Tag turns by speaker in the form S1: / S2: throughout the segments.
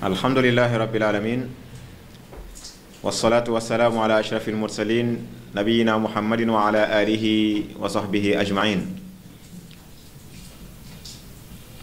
S1: alhamdulilahi rabbil alamin wasalaatu wasalaamu ala ashrafi almursalin nabiyina muhammadin wa ala alihi wa sahbihi ajmain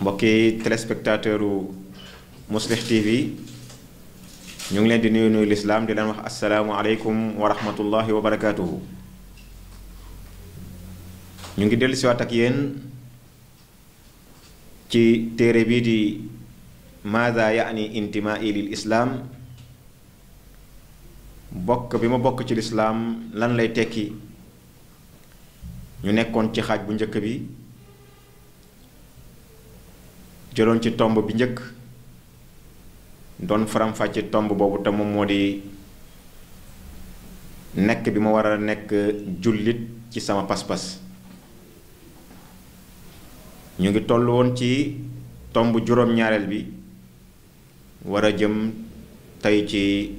S1: mbokki téléspectateur u muslih tv ñu ngi leen di nuyu nuyu lislaam di leen wax asalaamu aleykum wa rahmatullahi wa barakatuhu ñu ngi dellusiwaat ak yéen ci téere bii di maada yaani intimaai lil islaam bokk bi ma bokk ci lislaam lan lay tekki ñu nekkoon ci xaaj bu njëkk bi jëloon ci tomb bi njëkk doon faram tomb boobu te moom moo di nekk bi ma war a nekk jullit ci sama pas-pas ñu ngi toll woon ci tomb juróom-ñaareel bi war a jëm tey ci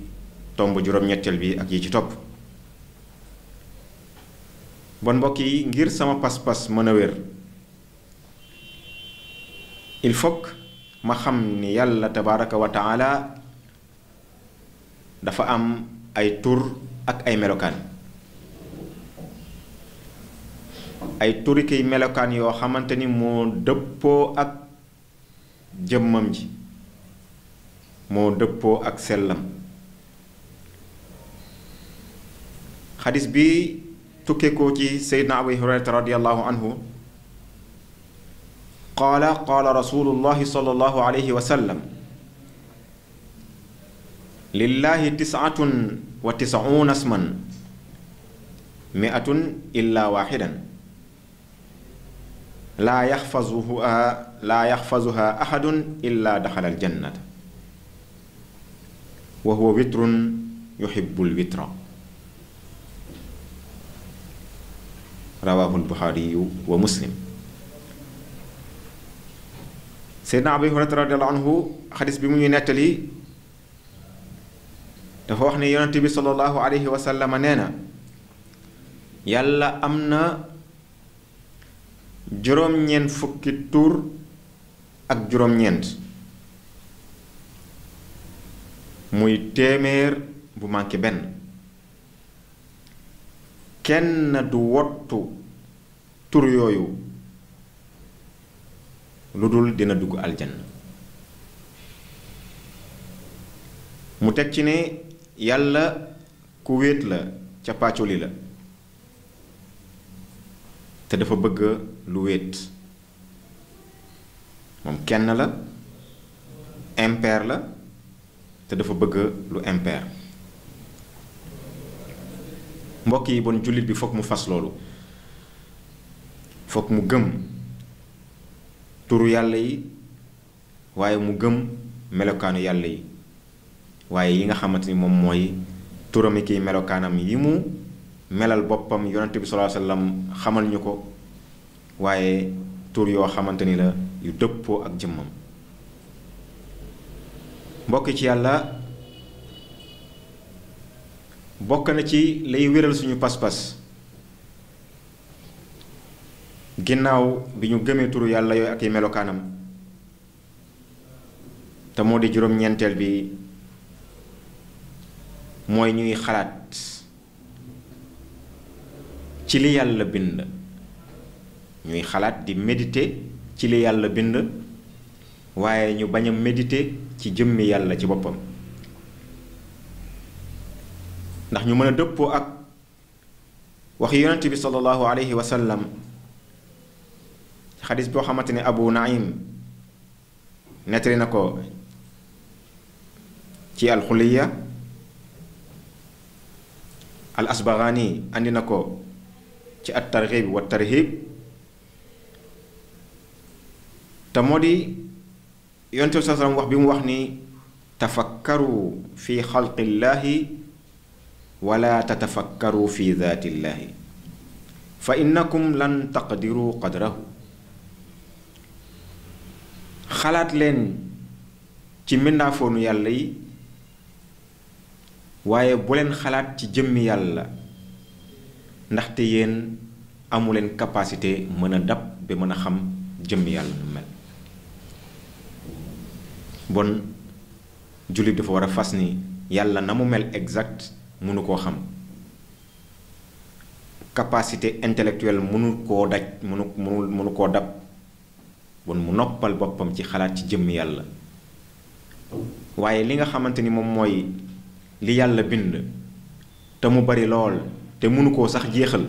S1: tomb juróom-ñetteel bi ak yi ci topp bon mbokk yi ngir sama pas-pas mën a wér il faut ma xam ni yàlla tabaraka wa dafa am ay tur ak ay melokaan ay turi melokaan yoo xamante ni moo dëppoo ak jëmmam ji moo dëppoo ak sellam xadis bi tukkee ko ci seydna abi hurayrata radiallahu anhu qaala qaala rasulullahi sallallahu alayhi wa sallam lillahi tisatun wa tisauna asman miatun illa waxidan laa yaxfazuha laa yaxfazuha axadun illa daxala aljannata wa huwa witrun yuhibbul witra rawaahul buxaariyu wa muslim seydna abi hurayra radiallahu anhu xadis bi mu ñu nettali dafa wax ne yonent bi sallallahu alayhi wa sallam nee na yàlla am na juróom-ñeent fukki tur ak juróom-ñeent muy téeméer bu manqué benn kenn du wottu tur yooyu lu dul dina dugg aljanna mu teg ci ne yàlla ku wéet la ca pàccoli la te dafa bëgg lu wéet moom kenn la impair la te dafa bëgg lu impair mbokk yi bon jullit bi foog mu fas loolu foog mu gëm turu yàlla yi waaye mu gëm melokaanu yàlla yi waaye yi nga xamante ni moom mooy turami kii melokaanam yi mu melal boppam yonent bi sallallahu alayhi xamal ñu ko waaye tur yoo xamante ni la yu dëppoo ak jëmmam mbokk ci yàlla bokk na ci lay wéral suñu pas-pas ginnaaw bi ñu gëmee turu yàlla yooyu ak yi melokaanam te moo di juróom-ñeenteel bi mooy ñuy xalaat ci li yàlla bind ñuy xalaat di méditer ci li yàlla bind waaye ñu bañ a méditer ci jëmmi yàlla ci boppam ndax ñu mën dëppoo ak wax yonent bi sallallahu alayhi wa sallam xadis boo xamante ne abu naim nettali na ko ci alxuliya al asbaxaani andi na ko ci at tarxib wa tarhib te moo yonent bi saa wax bi mu wax ni tafakkaru fi xalqillaahi wala tatafakkaru fi daatillaahi fa innakum lan taqdiru qadrahu xalaat leen ci mbindaafoonu yàlla yi waaye buleen xalaat ci jëmmi yàlla ndaxte yéen amuleen capacité mën a dab bi mën a xam jëmmi yàlla nu mel bon jullit dafa war a fas ni yàlla na mu mel exact mënu koo xam capacité intellectuelle mënu koo daj mënu mënu mënu koo dab bon mu noppal boppam ci xalaat ci jëmm yàlla waaye li nga xamante ni moom mooy li yàlla bind te mu bari lool te mënu koo sax jeexal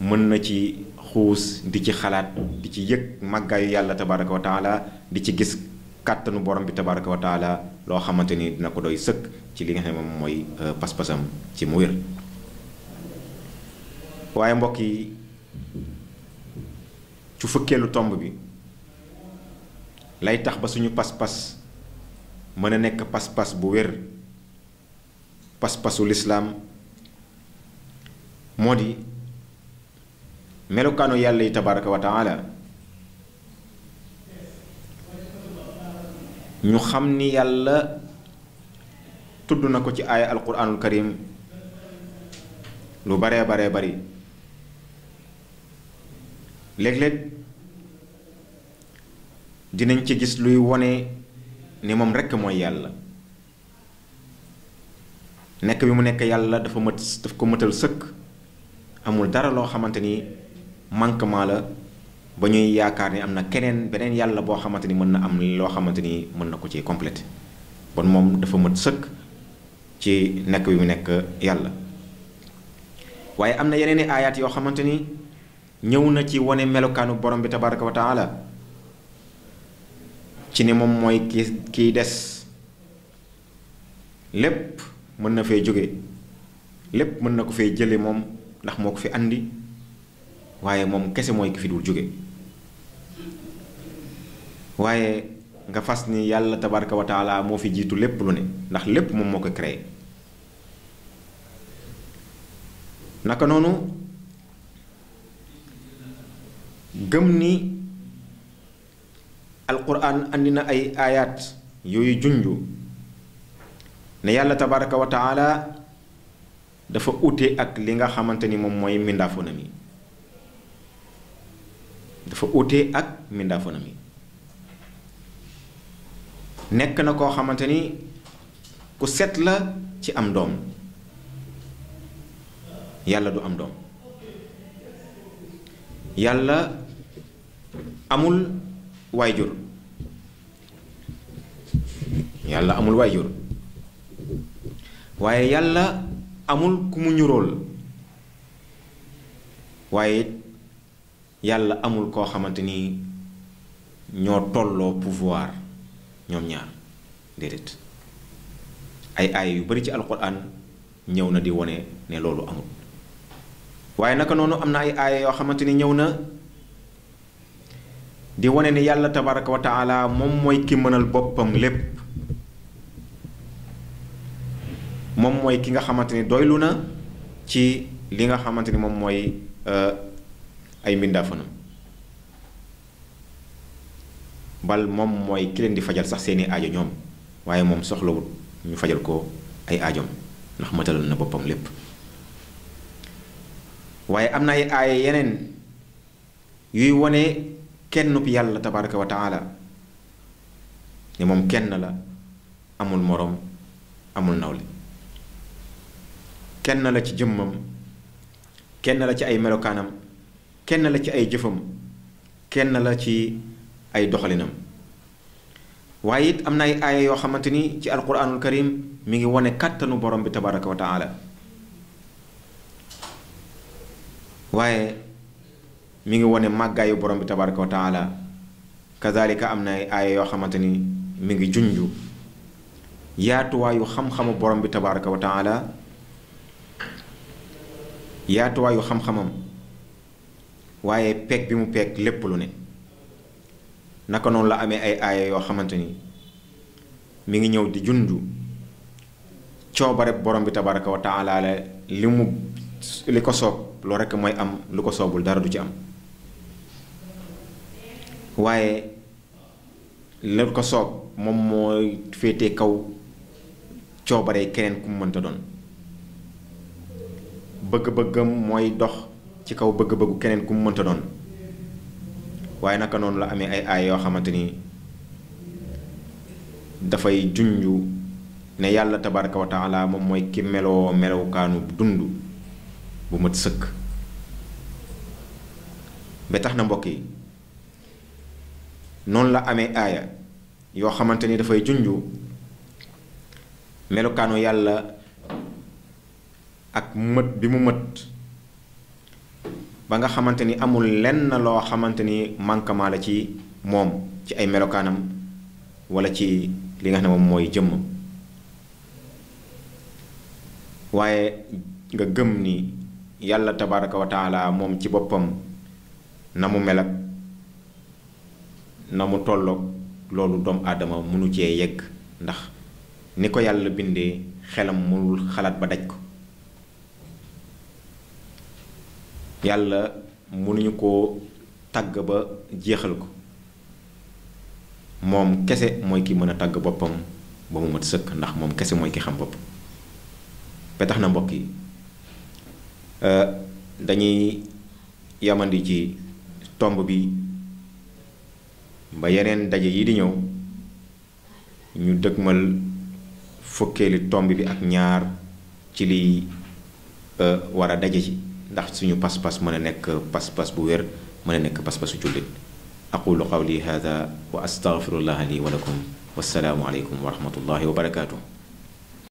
S1: mën na ci xuus di ci xalaat di ci yëg màggaayu yàlla tabaraka wa taala di ci gis kàttanu borom bi tabaraka wa taala loo xamante ni dina ko doy sëkk ci li nga xam ne moom mooy euh, pas-pasam ci mu wér waaye mbokk yi ci fukkeelu tomb bi lay tax ba suñu pas-pas mën a nekk pas-pas bu wér pas-pasu lislaam moo di melokaanu yàlla yi tabaraka wa ñu xam ni yàlla tudd na ko ci aaya alquranul karim lu baree baree bari léeg-léeg dinañ ci gis luy wone ni moom rekk mooy yàlla nekk bi mu nekk yàlla dafa mët daf ko mëtal sëkk amul dara loo xamante ni manquement la ba ñuy yaakaar ni am na keneen beneen yàlla boo xamante ni mën na am loo xamante ni mën na ko ci complété bon moom dafa mët sëkk ci nekk bi mu nekk yàlla waaye am na yeneen i aayaat yoo xamante ni ñëw na ci wane melokaanu borom bi tabaraka wa taala ci ni moom mooy ki kiy des lépp mën na fee jóge lépp mën na ko fee jële moom ndax moo ko fi andi waaye moom kese mooy ki fi dul jóge waaye nga fas ni yàlla tabaraka wa taala moo fi jiitu lépp lu ne ndax lépp moom moo ko créé naka noonu gëm ni alquran andi na ay aayaat yooyu junju ne yàlla tabaraka wa taala dafa ute ak li nga xamante ni moom mooy mindaafoona mi dafa ute ak mindaafoona mi nekk na koo xamante ni ku seet la ci am doom yàlla du am doom yàlla amul waajur yàlla amul waajur waaye yàlla amul ku mu ñuróol waaye yàlla amul koo xamante ni ñoo tolloo pouvoir ñoom ñaar déedéet ay aaya yu bari ci alquran ñëw na di wone ne loolu amul waaye naka noonu am na ay aaya yoo xamante ni ñëw na di wone ne yàlla tabaraka wa taala moom mooy ki mënal boppam lépp moom mooy ki nga xamante ni doylu na ci li nga xamante ni moom mooy euh, ay mbindaafanam bal moom mooy ki leen di fajal sax seeni aajo ñoom waaye moom soxlawut ñu fajal ko ay aajoom ndax matalal na boppam lépp waaye am na ay aaya yeneen yuy wone kennub yàlla tabaraka wa taala moom kenn la amul moroom amul nawle kenn la ci jëmmam kenn la ci ay melokaanam kenn la ci ay jëfam kenn la ci ay doxalinam waaye it am na ay aaya yoo xamante ni ci alquranul karim mi ngi wane kàttanu borom bi tabaraka wa taala waaye mi ngi wane màggaayu borom bi tabaraka wa taala am na yoo xamante ni mi ngi junju yaatuwaayu xam-xamu borom bi tabaraka wa taala yaatuwaayu xam-xamam waaye peeg bi mu peeg lépp lu ne naka noonu la amee ay aaya yoo xamante ni mi ngi ñëw di jundu coobare borom bi tabaraka wa taala li mu li ko soob lu rekk mooy am lu ko soobul dara du ci am waaye lu ko soob moom mooy féete kaw coobare keneen ku mu mënta doon bëgg-bëggam mooy dox ci kaw bëgg-bëggu keneen ku mu mënta doon waaye naka noonu la amee ay aay yoo xamante ni dafay junju ne yàlla tabaraka wa moom mooy ki meloo melowkaanu dund bu mat sëkk ba tax na mbokk yi noonu la amee aaya yoo xamante ni dafay junju melokaanu yàlla ak mët bi mu mët ba nga xamante ni amul lenn loo xamante ni manquement la ci moom ci ay melokaanam wala ci li nga xam moom mooy jëmm waaye nga gëm ni yàlla tabaraka wa moom ci boppam na mu mel na mu tolloog loolu doomu aadama mënu cee yëg ndax ni ko yàlla bindee xelam mul xalaat ba daj ko yàlla mënuñu koo tàgg ba jeexal ko moom kese mooy ki mën a tàgg boppam ba mu mat sëkk ndax moom kese mooy ki xam bopp ba na mbokk yi euh, dañuy yamandi ci tomb bi ba yeneen daje yi di ñëw ñu dëgmal fukkeeli tomb bi ak ñaar ci liy euh, war a daje ci ndax suñu pas-pas mën a nekk pas-pas bu wér mën a nekk pas-pasu jullit aqulu qawli hada wa astaghfirullaha lii wa lakum wassalaamu aleykum wa rahmatullahi wa barakaatuh